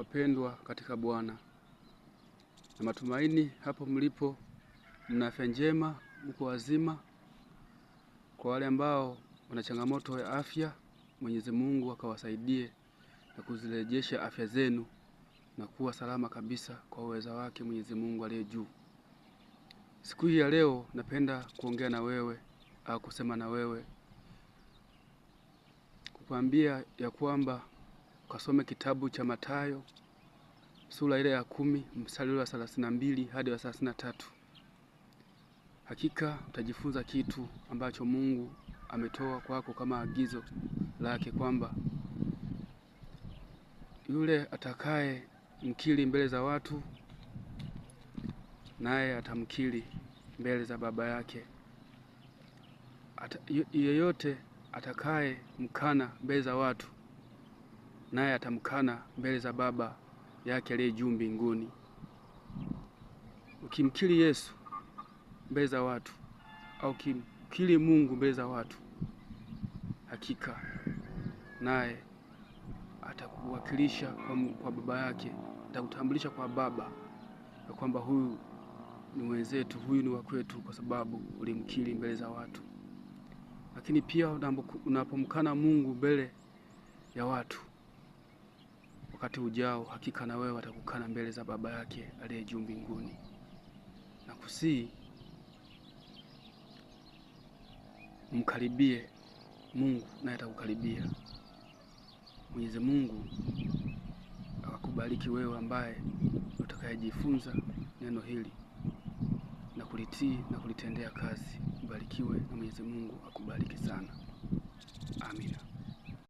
wapendwa katika Bwana, na matumaini hapo mlipo mna afya njema, mko wazima. Kwa wale ambao wana changamoto ya afya, Mwenyezi Mungu akawasaidie na kuzirejesha afya zenu na kuwa salama kabisa kwa uweza wake Mwenyezi Mungu aliye juu. Siku hii ya leo napenda kuongea na wewe au kusema na wewe kukuambia ya kwamba ukasome kitabu cha Mathayo sura ile ya kumi mstari wa thelathini na mbili hadi wa thelathini na tatu. Hakika utajifunza kitu ambacho Mungu ametoa kwako kama agizo lake kwamba yule atakaye mkiri mbele za watu naye atamkiri mbele za Baba yake. Ata, yeyote atakaye mkana mbele za watu naye atamkana mbele za Baba yake aliye juu mbinguni. Ukimkiri Yesu mbele za watu au ukimkiri Mungu mbele za watu, hakika naye atakuwakilisha kwa, kwa baba yake, atakutambulisha kwa Baba ya kwamba huyu ni mwenzetu, huyu ni wa kwetu, kwa sababu ulimkiri mbele za watu. Lakini pia unapomkana Mungu mbele ya watu wakati ujao hakika na wewe watakukana mbele za Baba yake aliye juu mbinguni. Na kusii mkaribie Mungu naye atakukaribia. Mwenyezi Mungu akubariki wewe ambaye utakayejifunza neno hili na kulitii na kulitendea kazi. Ubarikiwe na Mwenyezi Mungu akubariki sana. Amina.